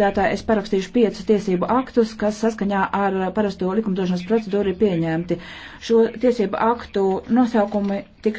Dētāji, es parakstīšu piecus tiesību aktus, kas saskaņā ar parasto likumdošanas procedūru ir pieņemti. Šo tiesību aktu nosaukumi tika